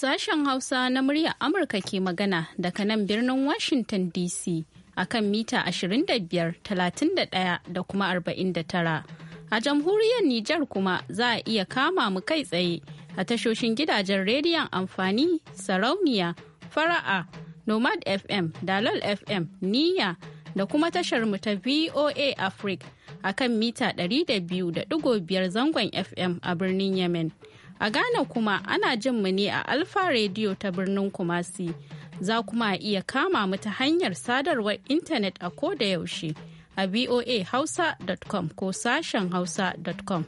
Sashen Hausa na murya Amurka ke magana daga nan birnin Washington DC a kan mita 25, 31 da kuma 49. A jamhuriyar Nijar kuma za a iya kama mu kai tsaye a tashoshin gidajen rediyon amfani sarauniya fara'a nomad fm dalol fm niya da kuma tashar mu ta voa africa a kan mita 200.5 zangon fm a birnin yemen A Ghana kuma ana jin mu ne a Alfa Radio ta birnin Kumasi. Za kuma a iya kama mu ta hanyar sadarwar intanet a ko da yaushe a voahausa.com ko sashen hausa.com.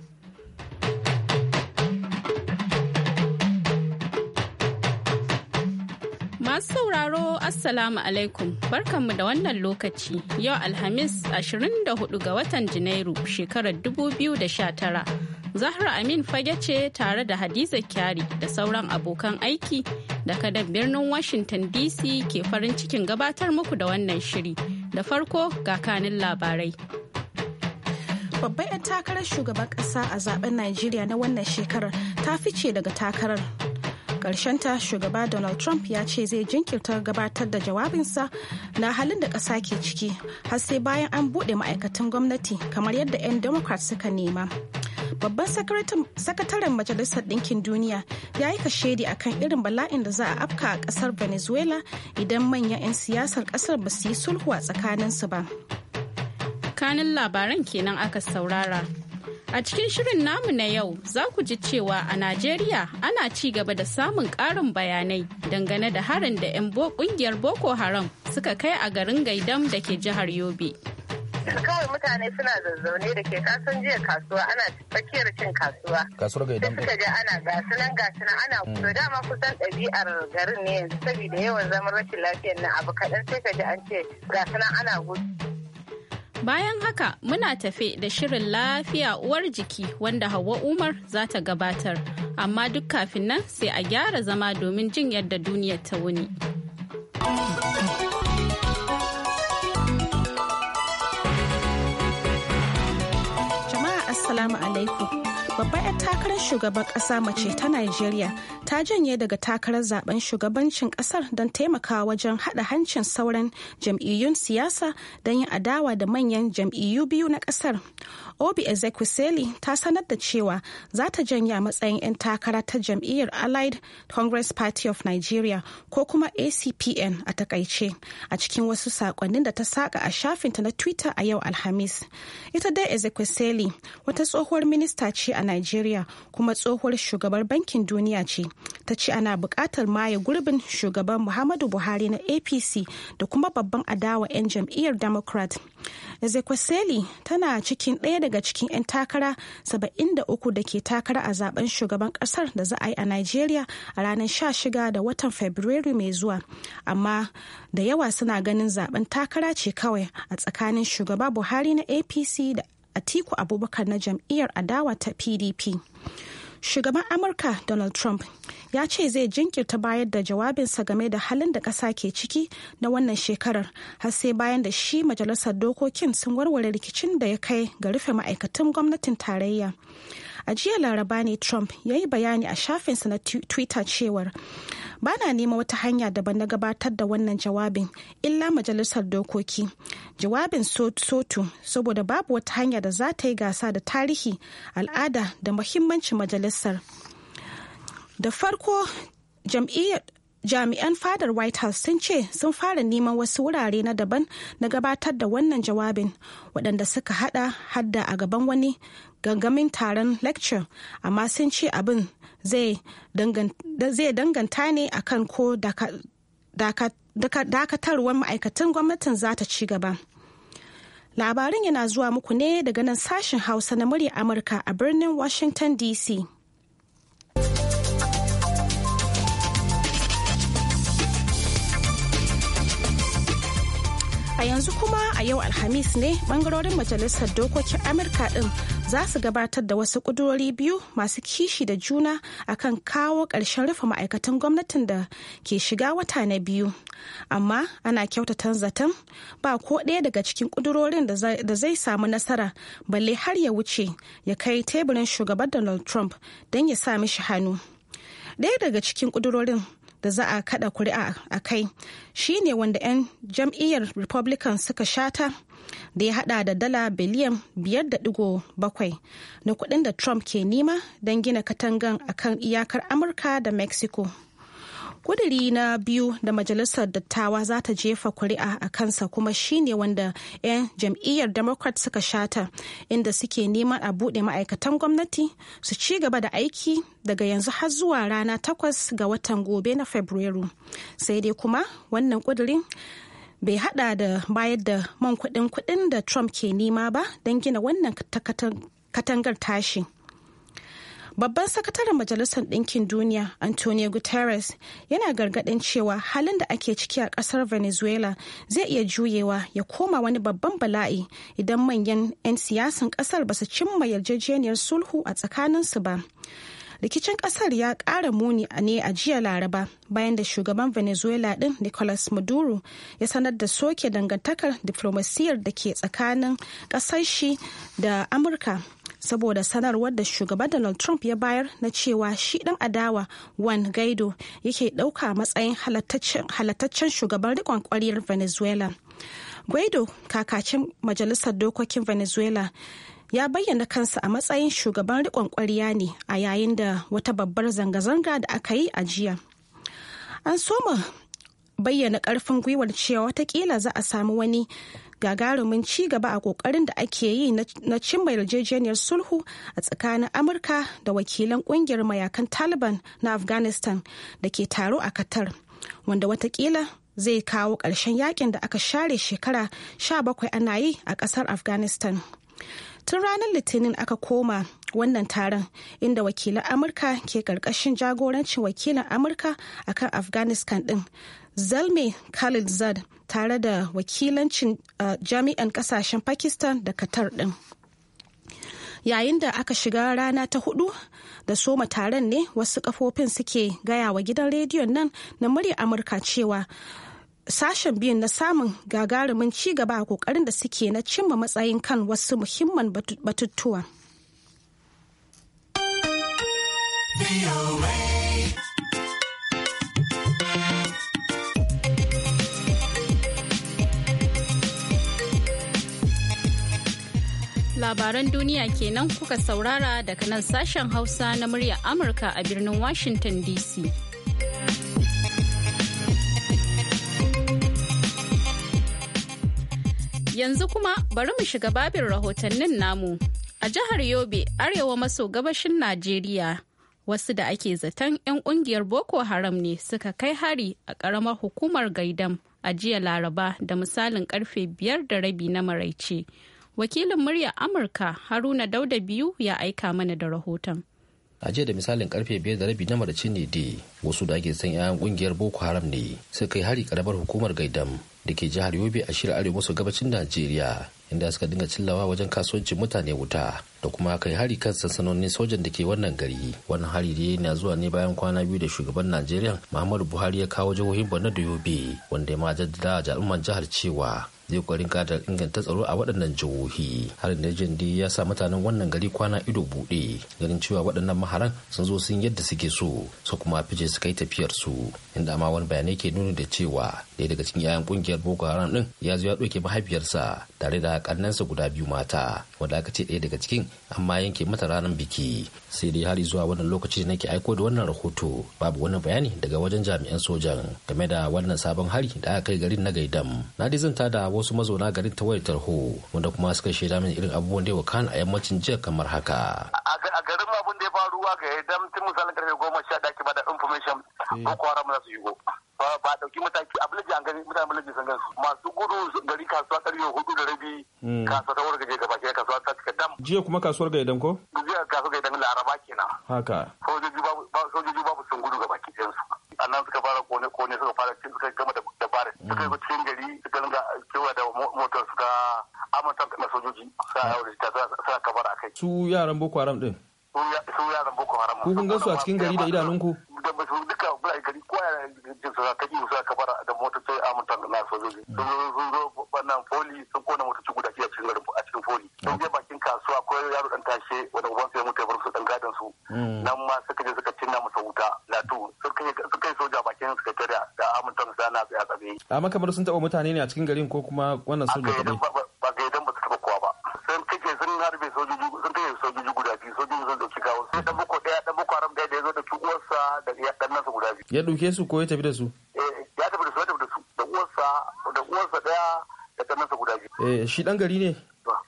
Masu sauraro Assalamu alaikum barkanmu da wannan lokaci yau Alhamis 24 ga watan Janairu shekarar 2019. Zahra Amin fage ce tare da Hadiza Kyari da sauran abokan aiki da kadan birnin Washington DC ke farin cikin gabatar muku da wannan shiri. Da farko ga kanin labarai. Babbar 'yan takarar shugaban ƙasa a zaben Najeriya na wannan shekarar ta fice daga takarar. ta shugaba Donald Trump ya ce zai jinkirta gabatar da jawabinsa na halin da ƙasa ke ciki har sai bayan an buɗe ma'aikatan gwamnati kamar yadda 'yan Democrat suka nema. babban sakataren majalisar ɗinkin duniya ya yi kashedi a kan irin bala'in da za a afka a ƙasar venezuela idan manyan 'yan siyasar ƙasar ba su yi sulhu a tsakaninsu ba kanin labaran kenan aka saurara A cikin shirin namu na yau za ku ji cewa a Najeriya ana ci gaba da samun ƙarin bayanai dangane da harin da 'yan ƙungiyar Boko Haram suka kai a garin Gaidam da ke jihar Yobe. kawai mutane suna zazzaune da ke kasan jiya kasuwa ana tsakiyar cin kasuwa kasuwar ga idan suka ana gasu nan gasu nan ana kuma hmm. dama kusan ɗabi'ar garin ne yanzu saboda yawan zaman rashin lafiyar nan abu kaɗan sai ka ji an ce gasu nan ana gudu Bayan haka muna tafe da shirin lafiya uwar jiki wanda Hauwa Umar za ta gabatar, amma duk kafin nan sai a gyara zama domin jin yadda duniyar ta wuni. Assalamu alaikum. Babbar 'yar takarar shugaban ƙasa mace ta Najeriya ta janye daga takarar zaben shugabancin ƙasar don taimaka wajen haɗa hancin sauran jam'iyyun siyasa don yin adawa da manyan jam'iyyu biyu na ƙasar. obi ezekwesili ta sanar da cewa za ta janya matsayin 'yan takara ta jam'iyyar allied congress party of nigeria ko kuma acpn a takaice a cikin wasu sakonnin da ta saka a shafinta na twitter a yau alhamis ita dai ezekwesili wata tsohuwar minista ce a nigeria kuma tsohuwar shugabar bankin duniya ce ta ce ana buƙatar maye gurbin shugaban muhammadu buhari na apc da kuma babban adawa 'yan jam'iyyar democrat ezekwesili tana cikin ɗaya daga cikin 'yan takara 73 da ke takara a zaben shugaban kasar da za a yi a Najeriya a ranar 16 da watan Fabrairu mai zuwa. Amma da yawa suna ganin zaben takara ce kawai a tsakanin shugaba Buhari na APC da Atiku Abubakar na jam'iyyar adawa ta PDP. shugaban amurka donald trump ya ce zai jinkirta bayar da jawabinsa game da halin da ƙasa ke ciki na wannan shekarar har sai bayan da shi majalisar dokokin sun warware rikicin da ya kai ga rufe ma'aikatan gwamnatin tarayya a jiya laraba ne trump ya yi bayani a shafinsa na twitter cewar ba na nema wata hanya daban na gabatar da wannan jawabin illa majalisar dokoki jawabin sotu saboda babu wata hanya da za ta yi gasa da tarihi al'ada da muhimmancin majalisar da farko jam'iyyar jami'an fadar white house sun ce sun fara neman wasu wurare na daban na gabatar da wannan jawabin waɗanda suka hada hadda a gaban wani gangamin taron lecture amma sun ce abin zai danganta ne akan ko dakatarwar ma'aikatan gwamnatin za ta ci gaba labarin yana zuwa muku ne daga nan sashen hausa na murya amurka a birnin washington dc A yanzu kuma a yau Alhamis ne bangarorin Majalisar Dokokin Amurka ɗin za su gabatar da wasu ƙudurori biyu masu kishi da juna a kan kawo ƙarshen rufe ma'aikatan gwamnatin da ke shiga wata na biyu. Amma ana kyautata zaton ba ko ɗaya daga cikin ƙudurorin da zai samu nasara balle har ya wuce ya kai teburin shugaban Donald Trump don ya sa mishi hannu. Ɗaya daga cikin ƙudurorin da za a kada kuri'a a kai shi ne wanda 'yan jam'iyyar republican suka shata da ya hada da dala biliyan 5.7 na kudin da trump ke nema don gina katangan akan iyakar amurka da mexico kuduri na biyu da majalisar dattawa za ta jefa kuri'a a kansa kuma shine wanda 'yan jam'iyyar democrat suka shata inda suke neman a bude ma'aikatan gwamnati su ci gaba da aiki daga yanzu har zuwa rana takwas ga watan gobe na fabrairu sai dai kuma wannan kudurin bai hada da bayar da man kuɗin kuɗin da trump ke nema ba don gina wannan katangar tashi. Babban sakataren Majalisar Ɗinkin Duniya, Antonio Guterres, yana gargaɗin cewa halin da ake ciki a ƙasar Venezuela zai iya juyewa ya koma wani babban bala'i idan manyan 'yan siyasan ƙasar ba su cimma yarjejeniyar sulhu a tsakaninsu ba. Rikicin ƙasar ya ƙara muni ne a jiya Laraba bayan da shugaban Venezuela ɗin Nicolas Maduro ya sanar da soke dangantakar diflomasiyyar da ke tsakanin ƙasar shi da Amurka. saboda sanarwar da shugaban donald trump ya bayar na cewa shi dan adawa juan gaido yake dauka matsayin halattaccen shugaban rikon kwariyar venezuela guaido kakacin majalisar dokokin venezuela ya bayyana kansa a matsayin shugaban rikon kwariya ne a yayin da wata babbar zanga-zanga da aka yi a jiya an soma bayyana ƙarfin gwiwar cewa watakila za a samu wani gagarumin ci gaba a kokarin da ake yi na cimma yarjejeniyar sulhu a tsakanin amurka da wakilan ƙungiyar mayakan taliban na afghanistan da ke taro a qatar wanda watakila zai kawo ƙarshen yakin da aka share shekara 17 ana yi a ƙasar afghanistan tun ranar litinin aka koma wannan taron inda wakilan amurka ke ƙarƙashin jagorancin wakilan amurka akan afghanistan din Zalme zad tare da wakilancin uh, jami'an kasashen Pakistan da katar din Yayin da aka shiga rana ta hudu da soma taron ne wasu kafofin suke gaya wa gidan rediyon nan na murya Amurka cewa sashen biyun na samun gagarumin ci gaba a kokarin da suke na cimma matsayin kan wasu muhimman batutuwa. labaran duniya kenan kuka saurara daga nan sashen Hausa na murya Amurka a birnin Washington DC. Yanzu kuma bari mu shiga babin rahotannin namu. A jihar Yobe, arewa maso gabashin Najeriya, wasu da ake zaton 'yan kungiyar Boko Haram ne suka kai hari a karamar hukumar Gaidam a jiya Laraba da misalin karfe biyar da rabi na maraice. wakilin murya amurka haruna dauda biyu ya aika mana da rahoton a jiya da misalin karfe biyar da rabi na maraci ne wasu da ake san 'ya'yan kungiyar boko haram ne suka kai hari karamar hukumar gaidam da ke jihar yobe a shirin arewa maso gabacin najeriya inda suka dinga cillawa wajen kasuwancin mutane wuta da kuma kai hari kan sansanonin sojan da ke wannan gari wannan hari da na zuwa ne bayan kwana biyu da shugaban najeriya muhammadu buhari ya kawo jihohin borno da yobe wanda ya ma jaddada al'umman jihar cewa zai kwarin gadar inganta tsaro a waɗannan jihohi harin da jindi ya sa mutanen wannan gari kwana ido buɗe ganin cewa waɗannan maharan sun zo sun yadda suke so su kuma fice su kai tafiyar su inda ma wani bayanai ke nuna da cewa ɗaya daga cikin yayan kungiyar boko haram ɗin ya zo ya ɗauke mahaifiyarsa tare da ƙannensa guda biyu mata wanda aka ce ɗaya daga cikin amma yanke mata ranar biki sai dai har zuwa wannan lokaci da nake aiko da wannan rahoto babu wani bayani daga wajen jami'an sojan game da wannan sabon hari da aka kai garin na gaidam na dai zan da wasu mazauna garin ta wayar tarho wanda kuma suka shaida mini irin abubuwan da ya a yammacin jiya kamar haka. A garin ma abun da ya faru ga idan tun misalin karfe goma sha daki ba da information eh. ko kwara mu za su shigo. ba ba dauki mataki a bilaji an gani mutane bilaji sun gansu masu gudu gari kasuwa ta riyo hudu da rabi hmm. kasuwa ta wargaje gaba ke kasuwa ta cika dam jiya kuma kasuwar ga idan ko jiya kasuwar ga idan laraba kenan haka Ko kai Su yaran Boko Haram din. Su yaran Boko Haram. Ku kun gansu a cikin gari da idanun Da su duka gari ko ya da a mutan na sojoji. Mm. Sun zo sun zo wannan foli sun kona guda a cikin a cikin foli. Mm. Sun je bakin kasuwa ko yaro dan tashe da a sun taɓa mutane ne a cikin garin ko kuma wannan soja kaɗai. ya ɗauke su ko ya tafi da su ya tafi da su ya tafi da su da uwarsa da uwarsa daya da kanansa guda biyu eh shi dan gari ne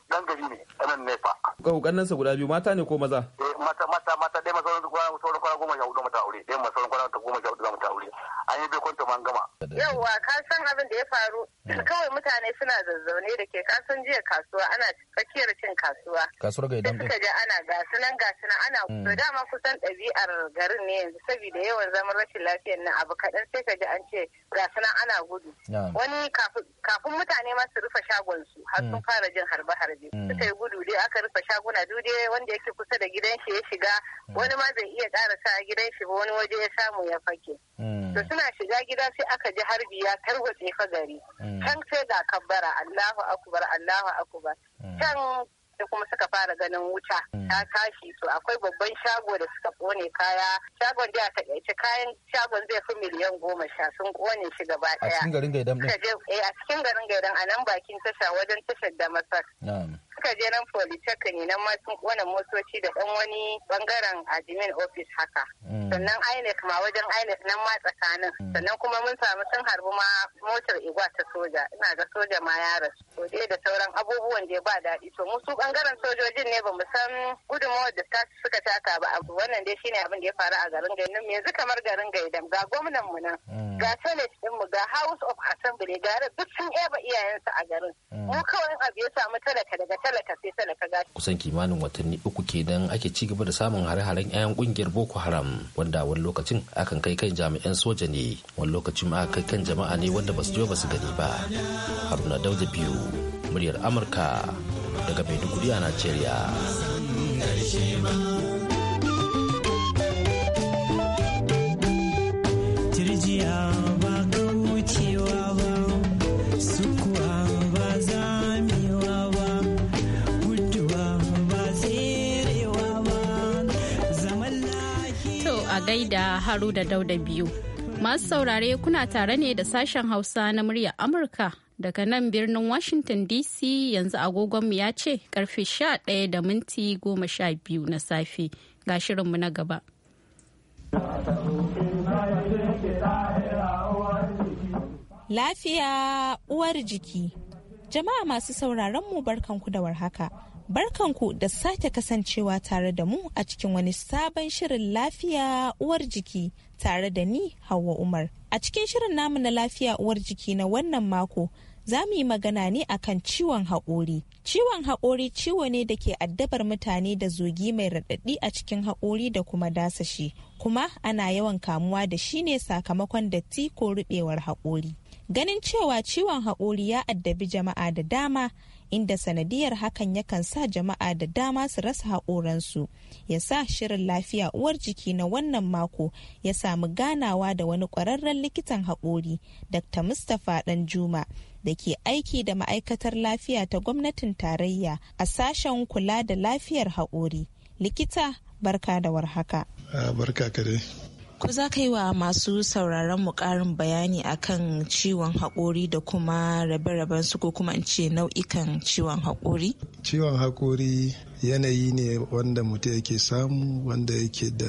dan gari ne kanan ne fa ko kanansa guda biyu mata ne ko maza eh mata mata mata dai su kwana sauran kwana goma sha hudu mata aure dai masauran kwana goma sha hudu mata ta aure an yi bai kwanta man gama yawwa ka san abin da ya faru hmm. kawai mutane suna zazzaune da ke kasan jiya kasuwa ana tsakiyar kasuwa. Kasuwar ga idan Suka ga ana gasu nan gasu nan ana hmm. to dama kusan ɗabi'ar garin ne yanzu saboda yawan zaman rashin lafiyar nan abu kaɗan sai ka ji an ce gasu nan ana gudu. Wani kafin mutane ma su rufe shagon su har sun hmm. fara jin harbe-harbe. Hmm. Suka yi gudu dai aka rufe shaguna dude wanda yake kusa da gidan shi ya shiga wani ma zai iya ƙara sa gidan shi ba wani waje ya samu ya fake. To suna shiga gida sai aka ji harbi ya tarwatse fagari gari. Can sai ga kabbara Allahu akbar Allahu akubar. Can sai kuma suka fara ganin wuta hmm. ta tashi su akwai babban shago da suka kone kaya shagon da ta ɗaici kayan shagon zai fi miliyan goma sha sun kone shi gaba ɗaya eh, a cikin garin gaidan a cikin garin gaidan a nan bakin tasha wajen tashar da masar suka je nan ne nan ma sun kona motoci da dan wani bangaren admin office haka mm. sannan INEC ma wajen INEC nan ma tsakanin mm. sannan kuma mun samu sun harbi ma motar igwa ta soja ina ga soja ma ya rasu dai da sauran abubuwan da ya ba daɗi to mu su bangaren sojojin ne bamu san gudunmawar da ta suka taka ba abu wannan dai shine abin da ya faru a garin gaidan yanzu kamar garin gaidan ga gwamnan mu nan mm. ga senate din mu ga house of assembly ga duk sun iyayen iyayensu a garin mu kawai abu ya samu talaka daga talaka talaka sai talaka gashi. Kusan kimanin watanni uku kenan ake ci gaba da samun hare-haren 'yan kungiyar Boko Haram wanda wani lokacin akan kai kan jami'an soja ne wani lokacin ma kai kan jama'a ne wanda basu je basu gani ba. Haruna Dauda biyu muryar Amurka daga Maiduguri a Najeriya. da da Dauda biyu. Masu saurare kuna tare ne da sashen Hausa na murya Amurka daga nan birnin Washington DC yanzu agogonmu ya ce karfe 11 da minti goma sha biyu na safe ga shirinmu na gaba. Lafiya uwar jiki. Jama'a masu sauraron mu barkanku da warhaka. barkanku da sake kasancewa tare da mu a cikin wani sabon shirin lafiya uwar jiki tare da ni Hauwa Umar. A cikin shirin namu na lafiya uwar jiki na wannan mako za mu yi magana ne akan ciwon haƙori. Ciwon haƙori ciwo ne da ke addabar mutane da zogi mai raɗaɗi a cikin haƙori da kuma dasashi, kuma ana yawan kamuwa da shi ne sakamakon datti ko ruɓewar haƙori. Ganin cewa ciwon haƙori ya addabi jama'a da dama inda sanadiyar hakan yakan sa jama'a da dama su rasa haƙoransu ya sa shirin lafiya uwar jiki na wannan mako ya samu ganawa da wani ƙwararren likitan haƙori dr mustapha danjuma da ke aiki da ma'aikatar lafiya ta gwamnatin tarayya a sashen kula da lafiyar haƙori likita barka da warhaka ah, Ko za ka yi wa masu sauraron mu ƙarin bayani akan ciwon haƙori da kuma rabe-raben su ko kuma in ce nau'ikan ciwon haƙori? Ciwon haƙori yanayi ne wanda mutum yake samu wanda yake da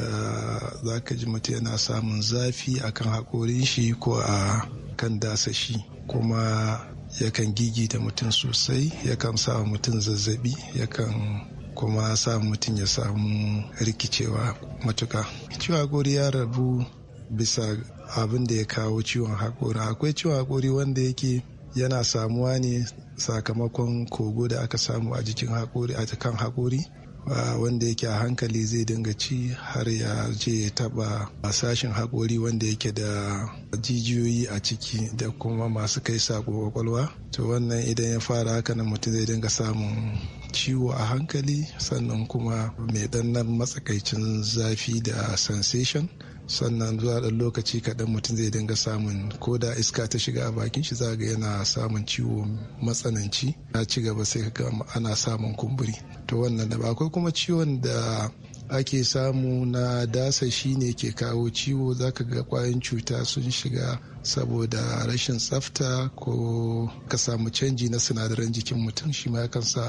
za ka ji mutum yana samun zafi akan haƙorin shi ko a kan dasa shi kuma yakan gigita mutum sosai yakan sa mutum zazzabi yakan kuma sa mutum ya samu rikicewa matuka ciwon hakori ya rabu bisa abin da ya kawo ciwon hakori akwai ciwon hakori wanda yake yana samuwa ne sakamakon kogo da aka samu a jikin hakori a kan hakori wanda yake a hankali zai dinga ci har ya je ya taba sashen haƙori wanda yake da jijiyoyi a ciki da kuma masu kai sako kwakwalwa to wannan idan ya fara haka nan mutum zai dinga samun ciwo a hankali sannan kuma mai ɗannan matsakaicin zafi da sensation sannan zuwa ɗan lokaci kaɗan mutum zai dinga samun ko da iska ta shiga a bakin shi za ga yana samun ciwo matsananci na ci gaba sai ka ana samun kumburi to wannan da akwai kuma ciwon da ake samu na dasa shi ne ke kawo ciwo za ka ga kwayan cuta sun shiga saboda rashin tsafta ko ka samu canji na sinadaran jikin mutum shi ma yakan sa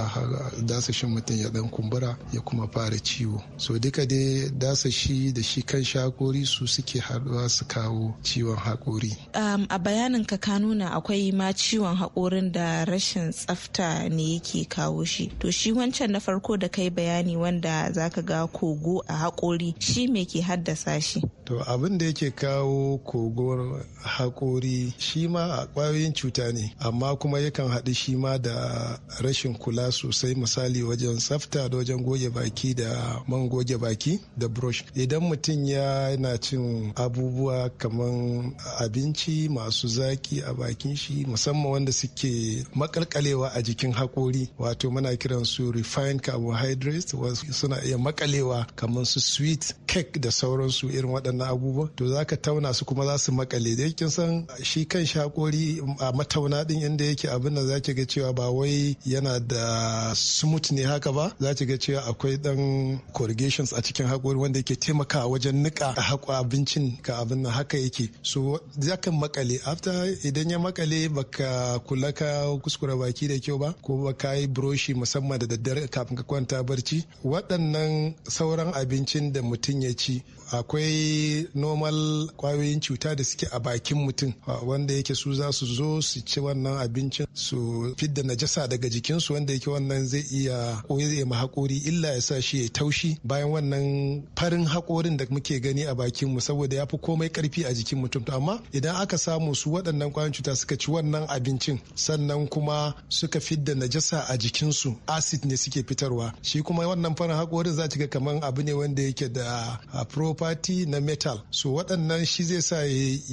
dasashin mutum ya dan kumbura ya kuma fara ciwo so duka dai dasashi da shi kan shakori su suke haɗuwa su kawo ciwon haƙori um, a bayanin ka ka nuna akwai ma ciwon haƙorin da rashin tsafta ne yake kawo shi to shi wancan na farko da kai bayani wanda zaka ga kogo a haƙori shi me ke haddasa shi to abin da yake kawo kogon haƙori shi ma a ƙwayoyin cuta ne amma kuma yakan haɗu shi ma da rashin kula sosai misali wajen tsafta da wajen goge baki da man goge baki da brush idan mutum ya na cin abubuwa kamar abinci masu zaki a bakin shi musamman wanda suke makalkalewa a jikin haƙori wato muna kiran su refined carbohydrates suna iya makalewa kamar su sweet kek da sauransu irin waɗannan abubuwa to za ka tauna su kuma za su makale da yakin san shi kan shakori mm, a matauna ɗin inda yake abin da za ki ga cewa ba wai yana da smooth ne haka ba za ki ga cewa akwai dan corrugations a cikin hakori wanda yake taimaka wajen nika haƙo abincin ka abin nan haka yake so za ka makale after idan ya makale baka kula ka kuskura baki da kyau ba ko ba ka yi brushi musamman da daddare kafin ka kwanta barci waɗannan sauran abincin da mutum ya ci akwai normal kwayoyin cuta da suke a bakin mutum wanda yake su za su zo su ci wannan abincin su fidda najasa daga jikinsu wanda yake wannan zai iya koyi ma hakori illa ya sa shi ya taushi bayan wannan farin hakorin da muke gani a bakin mu saboda ya fi komai karfi a jikin mutum to amma idan aka samu su waɗannan kwayoyin cuta suka ci wannan abincin sannan kuma suka fidda najasa a jikinsu acid ne suke fitarwa shi kuma wannan farin hakorin za ki ga kamar abu ne wanda yake da a property na metal so waɗannan shi zai sa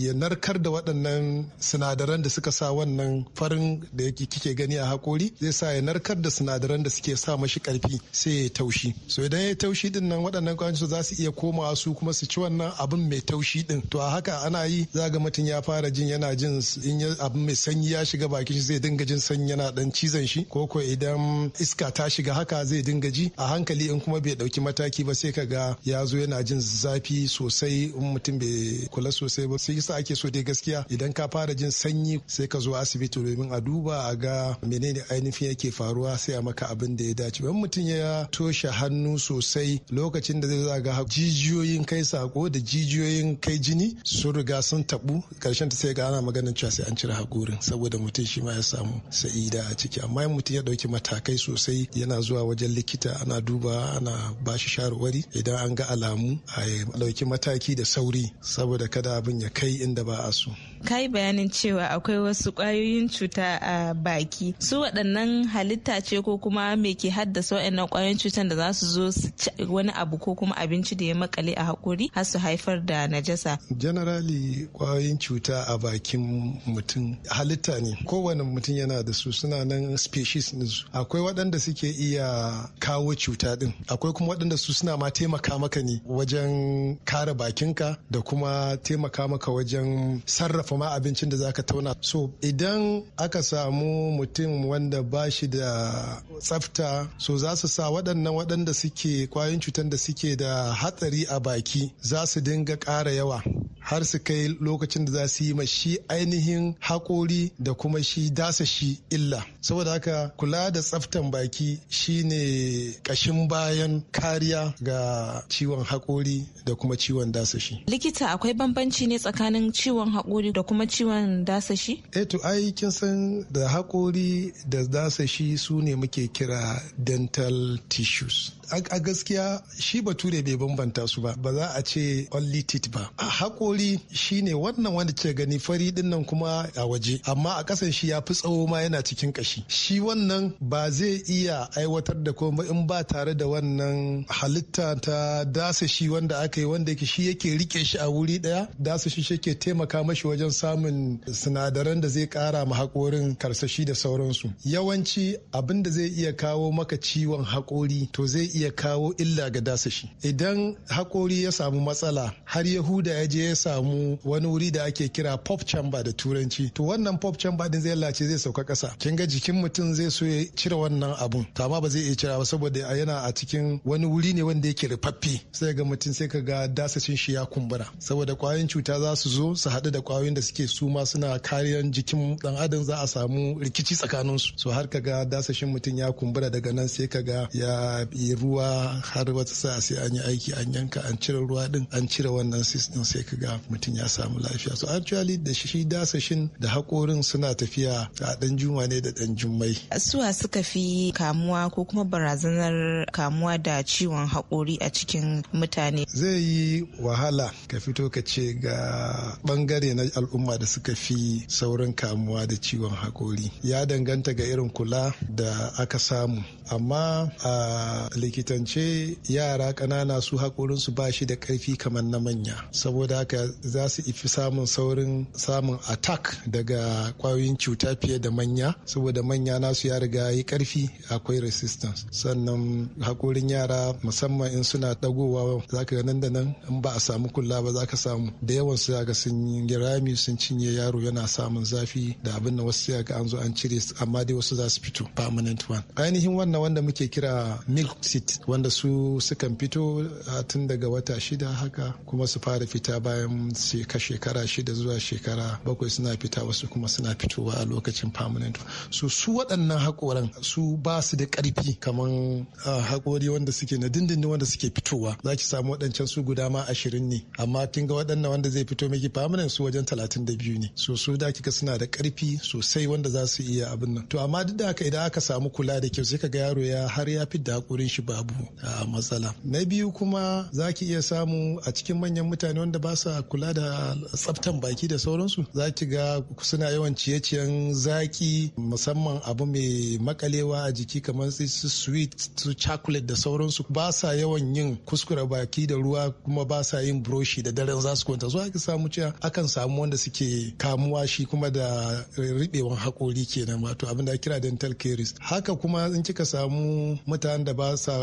ya narkar da waɗannan sinadaran da suka sa wannan farin da yake kike gani a hakori zai sa ya narkar da sinadaran da suke sa mashi karfi sai ya taushi so idan ya taushi din nan waɗannan kwanci za su iya komawa su kuma su ci wannan abin mai taushi din to a haka ana yi za ga mutum ya fara jin yana jin in abin mai sanyi ya shiga bakin shi zai dinga jin sanyi yana dan cizon shi ko ko idan iska ta shiga haka zai dinga ji a hankali in kuma bai ɗauki mataki ba sai ka ga ya zo yana jin zafi sosai in mutum bai kula sosai ba sai yasa ake so dai gaskiya idan ka fara jin sanyi sai ka zo asibiti domin a duba a ga menene ainihin yake faruwa sai a maka abin da ya dace wani mutum ya toshe hannu sosai lokacin da zai ga jijiyoyin kai sako da jijiyoyin kai jini sun riga sun tabu karshen ta sai ga ana maganin cewa sai an cire hakorin saboda mutum shi ma ya samu sa'ida a ciki amma in mutum ya dauki matakai sosai yana zuwa wajen likita ana duba ana bashi shawarwari idan an ga alamu damu a ɗauki mataki da sauri saboda kada abin ya kai inda ba a so. ka yi bayanin cewa akwai wasu kwayoyin cuta a baki su waɗannan halitta ce ko kuma me ke haddasa waɗannan ƙwayoyin cutan da za su zo su wani abu ko kuma abinci da ya makale a hakuri har su haifar da najasa generally ƙwayoyin cuta a bakin mutum halitta ne kowane mutum yana da su suna nan species su akwai waɗanda suke iya kawo cuta din akwai kuma waɗanda su suna ma taimaka maka ne wajen kare bakinka da kuma taimaka maka wajen sarrafa kuma abincin da zaka tauna so idan aka samu mutum wanda ba shi da tsafta so za su sa waɗannan waɗanda suke kwayoyin cutar da suke da hatsari a baki za su dinga ƙara yawa har su kai lokacin da za su yi ma shi ainihin haƙori da kuma shi dasa shi illa saboda haka kula da tsaftan baki shine ƙashin bayan kariya ga ciwon haƙori da kuma ciwon dasa shi likita akwai bambanci ne tsakanin ciwon haƙori da kuma ciwon dasa shi E to ai kin san da haƙori da dasa shi su ne muke kira dental tissues a gaskiya shi bature bai bambanta su ba ba za a ce only teeth ba haƙori tsauri shine wannan wanda ke gani fari din kuma a waje amma a kasan shi ya fi tsawo ma yana cikin kashi shi wannan ba zai iya aiwatar da komai in ba tare da wannan halitta ta dasa shi wanda aka yi wanda shi yake rike shi a wuri daya dasa shi shi ke taimaka mashi wajen samun sinadaran da zai kara ma haƙorin karsashi da sauransu yawanci abin da zai iya kawo maka ciwon haƙori to zai iya kawo illa ga dasa shi idan haƙori ya samu matsala har yahuda ya je ya samu wani wuri da ake kira pop chamber da turanci to wannan pop chamber din zai lace zai sauka kasa kin ga jikin mutum zai so ya cire wannan abun to amma ba zai iya cira ba saboda yana a cikin wani wuri ne wanda yake rufaffe sai ga mutum sai ka ga dasashin shi ya kumbura saboda kwayoyin cuta za su zo su haɗu da kwayoyin da suke suma suna kariyar jikin dan adam za a samu rikici tsakanin su so har ka ga dasashin mutum ya kumbura daga nan sai ka ga ya yi ruwa har wata sa'a sai an yi aiki an yanka an cire ruwa din an cire wannan sis din sai ka ga mutum ya samu lafiya so actually da shi dasashin da hakorin suna tafiya a ɗan juma ne da ɗan jummai suwa suka fi kamuwa ko kuma barazanar kamuwa da ciwon hakori a cikin mutane zai yi wahala ka fito ka ce ga ɓangare na al'umma da suka fi saurin kamuwa da ciwon hakori ya danganta ga irin kula da aka samu amma a likitance yara ƙanana su haƙorinsu ba shi da ƙarfi kamar na manya saboda haka za su ifi samun saurin samun attack daga kwayoyin cuta fiye da manya saboda manya nasu ya riga yi karfi akwai resistance sannan hakorin yara musamman in suna dagowa za ka nan da nan in ba a samu kula ba za ka samu da yawan su ga sun yi rami sun cinye yaro yana samun zafi da abin da wasu ga an zo an cire amma dai wasu za su fito permanent one ainihin wannan wanda muke kira milk seed wanda su sukan fito tun daga wata shida haka kuma su fara fita bayan wajen ka shekara shida zuwa shekara bakwai suna fita wasu kuma suna fitowa a lokacin permanent su su waɗannan haƙoran su ba su da ƙarfi kamar haƙori wanda suke na dindindin wanda suke fitowa za ki samu waɗancan su guda ma ashirin ne amma kin ga waɗannan wanda zai fito miki permanent su wajen talatin da biyu ne so su da kika suna da ƙarfi sosai wanda za su iya abin nan to amma duk da haka idan aka samu kula da kyau sai ka ga yaro ya har ya fi da haƙorin shi babu a matsala na biyu kuma za ki iya samu a cikin manyan mutane wanda ba sa kula da tsaftan baki da sauransu za ki ga suna yawan ciye-ciyen zaki musamman abu mai makalewa a jiki kamar su sweet su chocolate da sauransu ba sa yawan yin kuskure baki da ruwa kuma ba sa yin broshi da daren za su kwanta zuwa ki samu cewa akan samu wanda suke kamuwa shi kuma da ribewan hakori kenan wato abin da kira dental caries haka kuma in kika samu mutanen da ba sa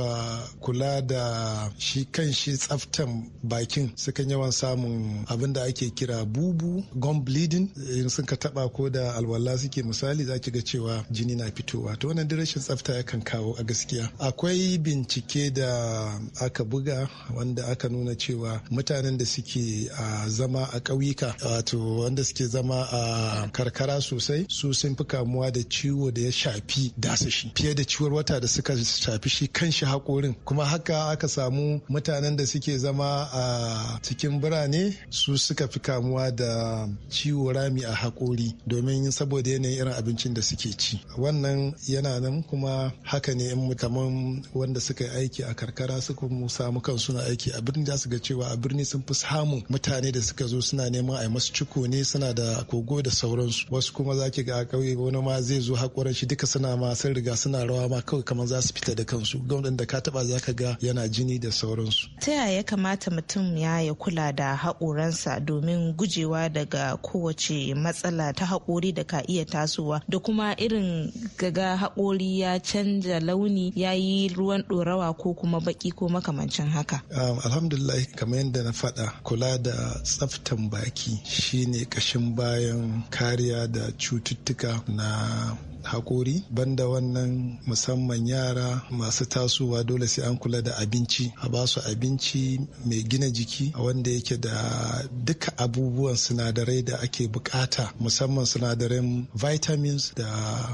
kula da shi kan shi tsaftan bakin sukan yawan samun abin da ake kira bubu gum bleeding in sun ka taba ko da alwala suke misali za ki ga cewa jini na fitowa to wannan rashin tsafta yakan kawo a gaskiya akwai bincike da aka buga wanda aka nuna cewa mutanen da suke zama a ƙauyuka wato wanda suke zama a karkara sosai su sun fi kamuwa da ciwo da ya shafi dasashi fiye da ciwon wata da suka shafi shi kanshi haƙorin kuma haka aka samu mutanen da suke zama a cikin birane su suka fi kamuwa da ciwo rami a haƙori domin saboda yanayin irin abincin da suke ci wannan yana nan kuma haka ne in kamar wanda suka yi aiki a karkara suka samu kan suna aiki a birni za su ga cewa a birni sun fi samun mutane da suka zo suna neman a yi masu ciko ne suna da kogo da sauransu wasu kuma za ki ga a ƙauye wani ma zai zo haƙoran shi duka suna ma sun riga suna rawa ma kawai kamar za su fita da kansu gwamnan da ka taba za ka ga yana jini da sauransu ta yaya ya kamata mutum ya ya kula da haƙoransa domin gujewa daga kowace matsala ta haƙori da ka iya tasowa da kuma irin gaga haƙori ya canja launi ya yi ruwan ɗorawa ko kuma baƙi ko makamancin haka. Um, alhamdulillah kamar yadda na faɗa kula da tsaftan baki shine ƙashin bayan kariya da cututtuka na hakori banda wannan musamman yara masu tasowa dole sai an kula da abinci a ba su abinci mai gina jiki wanda yake da duka abubuwan sinadarai da ake bukata musamman sinadaran vitamins da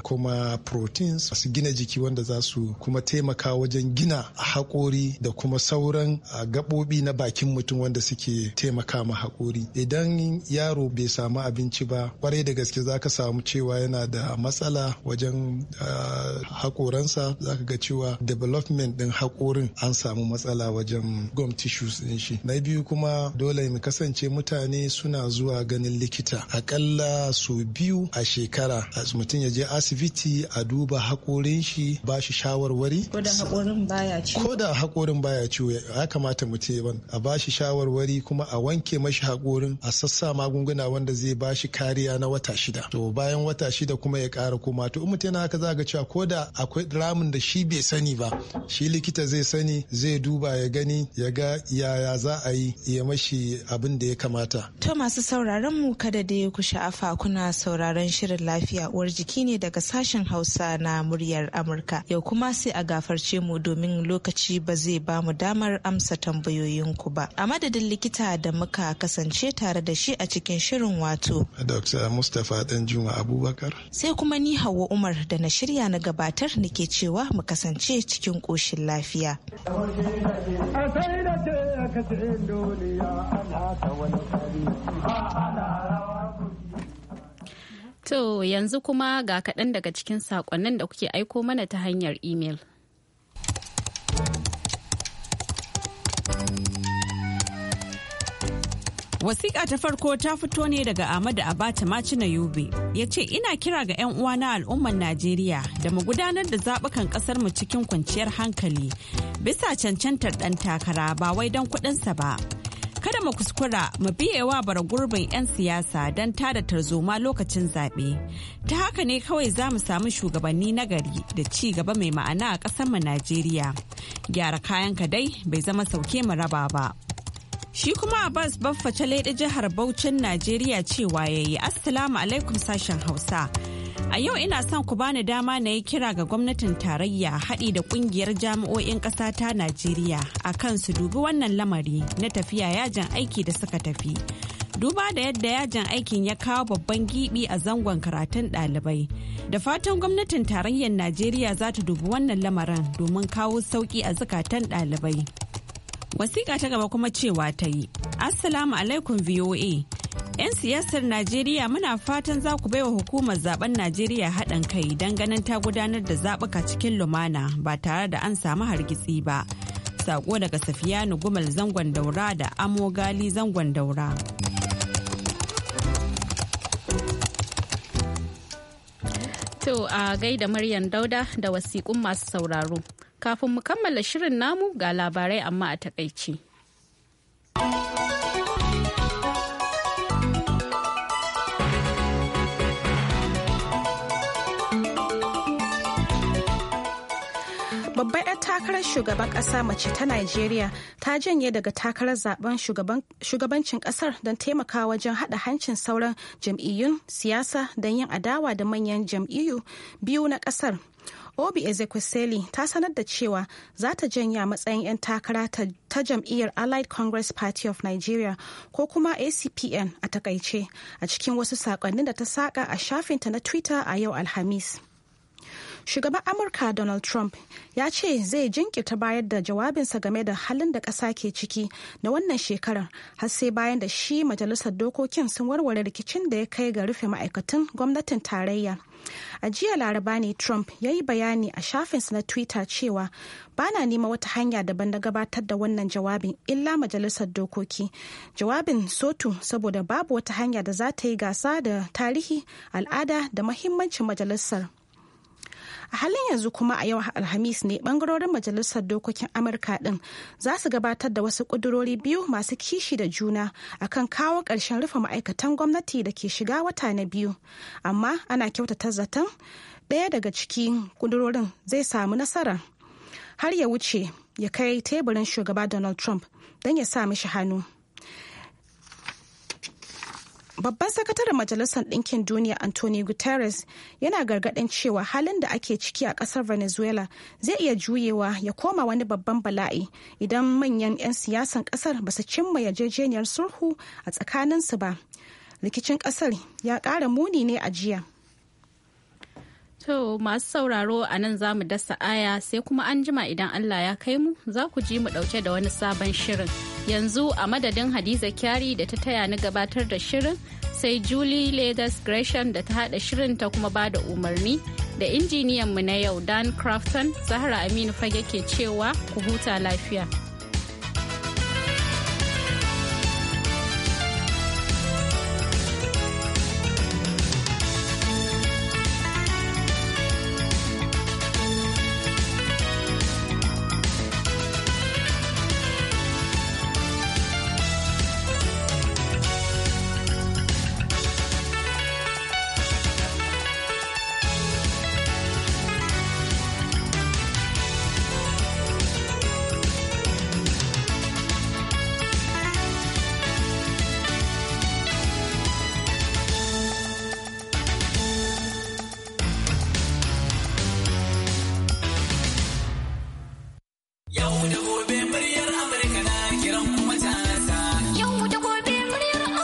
kuma proteins su gina jiki wanda za su kuma taimaka wajen gina hakori da kuma sauran ah, gaɓoɓi na bakin mutum wanda suke taimaka ma hakori idan yaro bai samu abinci ba kwarai da gaske za ka samu cewa yana da matsala wajen ah, haƙoransa za ka ga cewa development ɗin haƙorin an samu matsala wajen gum tissues ɗin shi na biyu kuma dole mu kasance mutane suna zuwa ganin likita aƙalla so biyu a shekara mutum ya je asibiti a duba haƙorin shi ba shi shawarwari ko da haƙorin baya ciwo ko da haƙorin baya ciwo ya kamata ban. a ba shi shawarwari kuma a wanke mashi haƙorin a sassa magunguna wanda zai ba shi kariya na wata shida to bayan wata shida kuma ya ƙara kuma wato in mutum yana haka za ga cewa ko da akwai ramin da shi bai sani ba shi likita zai sani zai duba ya gani ya ga yaya za a yi ya mashi abin da ya kamata. To masu sauraron mu kada da ku sha'afa kuna sauraron shirin lafiya uwar jiki ne daga sashen Hausa na muryar Amurka. Yau kuma sai a gafarce mu domin lokaci ba zai ba mu damar amsa tambayoyin ku ba. A madadin likita da muka kasance tare da shi a cikin shirin wato. Dr. Mustapha Danjuma Abubakar. Sai kuma ni Hauwa Hauwa Umar da na shirya na gabatar nake cewa mu kasance cikin ƙoshin lafiya. To yanzu kuma ga kaɗan daga cikin saƙonnin da kuke aiko mana ta hanyar imel. Wasiƙa ta farko ta fito ne daga Ahmadu Abacha Macina Yobe. Ya ce ina kira ga 'yan uwa na al'ummar Najeriya da mu gudanar da zaɓukan ƙasar mu cikin kwanciyar hankali bisa cancantar ɗan takara ba wai don kuɗinsa ba. Kada mu kuskura mu biyewa bara gurbin 'yan siyasa don tada tarzoma lokacin zaɓe. Ta haka ne kawai za mu samu shugabanni nagari da ci gaba mai ma'ana a ƙasar mu Najeriya. Gyara kayan ka dai bai zama sauke mu raba ba. Shi kuma Abbas Baffa ta leɗe jihar Bauchin Najeriya cewa yayi, yi Assalamu alaikum sashen Hausa. A yau ina son ku bani dama na yi kira ga gwamnatin tarayya haɗi da ƙungiyar jami'o'in ƙasa ta Najeriya a kan su dubi wannan lamari na tafiya yajin aiki da suka tafi. Duba da yadda yajin aikin ya kawo babban giɓi a zangon karatun ɗalibai. Da fatan gwamnatin tarayyar Najeriya za ta dubi wannan lamarin domin kawo sauƙi a zukatan ɗalibai. Wasiƙa ta gaba kuma cewa ta yi, Assalamu alaikum VOA. 'Yan siyasar Najeriya muna fatan za ku baiwa hukumar zaben Najeriya haɗin kai don ganin ta gudanar da zaɓuka cikin lumana ba tare da an samu hargitsi ba. Sako daga Safiyanu Gumal zangon daura da Amo Gali zangon daura. To a gaida Maryam Dauda da wasiƙun masu sauraro. kafin mu kammala shirin namu ga labarai amma a takaici. babbar 'yar takarar shugaban kasa mace ta Najeriya ta janye daga takarar zaben shugabancin kasar don taimaka wajen hada hancin sauran jam'iyyun siyasa don yin adawa da manyan jam'iyyu biyu na kasar. obi ezekwesili ta sanar da cewa za ta janya matsayin 'yan takara ta jam'iyyar allied congress party of nigeria ko kuma acpn a takaice a cikin wasu sakonnin da ta saka a shafinta na twitter a yau alhamis shugaban amurka donald trump ya ce zai jinkirta bayar da jawabinsa game da halin da ƙasa ke ciki na wannan shekarar har sai bayan da shi majalisar dokokin sun warware rikicin da ya kai ga rufe ma'aikatan gwamnatin tarayya a jiya laraba ne trump ya yi bayani a shafinsa na twitter cewa bana nema wata hanya daban na gabatar da wannan jawabin illa majalisar dokoki jawabin sotu saboda babu wata hanya da za ta yi gasa da tarihi al'ada da mahimmancin majalisar a halin yanzu kuma a yau alhamis ne bangarorin majalisar dokokin amurka din za su gabatar da wasu kudurori biyu masu kishi da juna akan kawo ƙarshen rufe ma'aikatan gwamnati da ke shiga wata na biyu amma ana kyautata zaton ɗaya daga cikin kudurorin zai samu nasara har ya wuce ya kai teburin shugaba donald trump don ya sa mishi hannu Babban sakataren Majalisar Ɗinkin Duniya Antonio Guterres yana gargaɗin cewa halin da ake ciki a ƙasar Venezuela zai iya juyewa ya koma wani babban bala'i idan manyan 'yan siyasan ƙasar ba su cimma yarjejeniyar sulhu a tsakaninsu ba. Rikicin ƙasar ya ƙara muni ne a jiya. To masu sauraro a nan za mu dasa aya sai kuma an jima idan Allah ya kai mu za ku ji mu ɗauke da wani sabon shirin. Yanzu a madadin Hadiza Kyari da ta taya ni gabatar da shirin sai Julie Leathers Gresham da ta haɗa shirin ta kuma ba da umarni da injiniyan mu na yau Dan Crafton Zahra Aminu Fage ke cewa ku huta lafiya.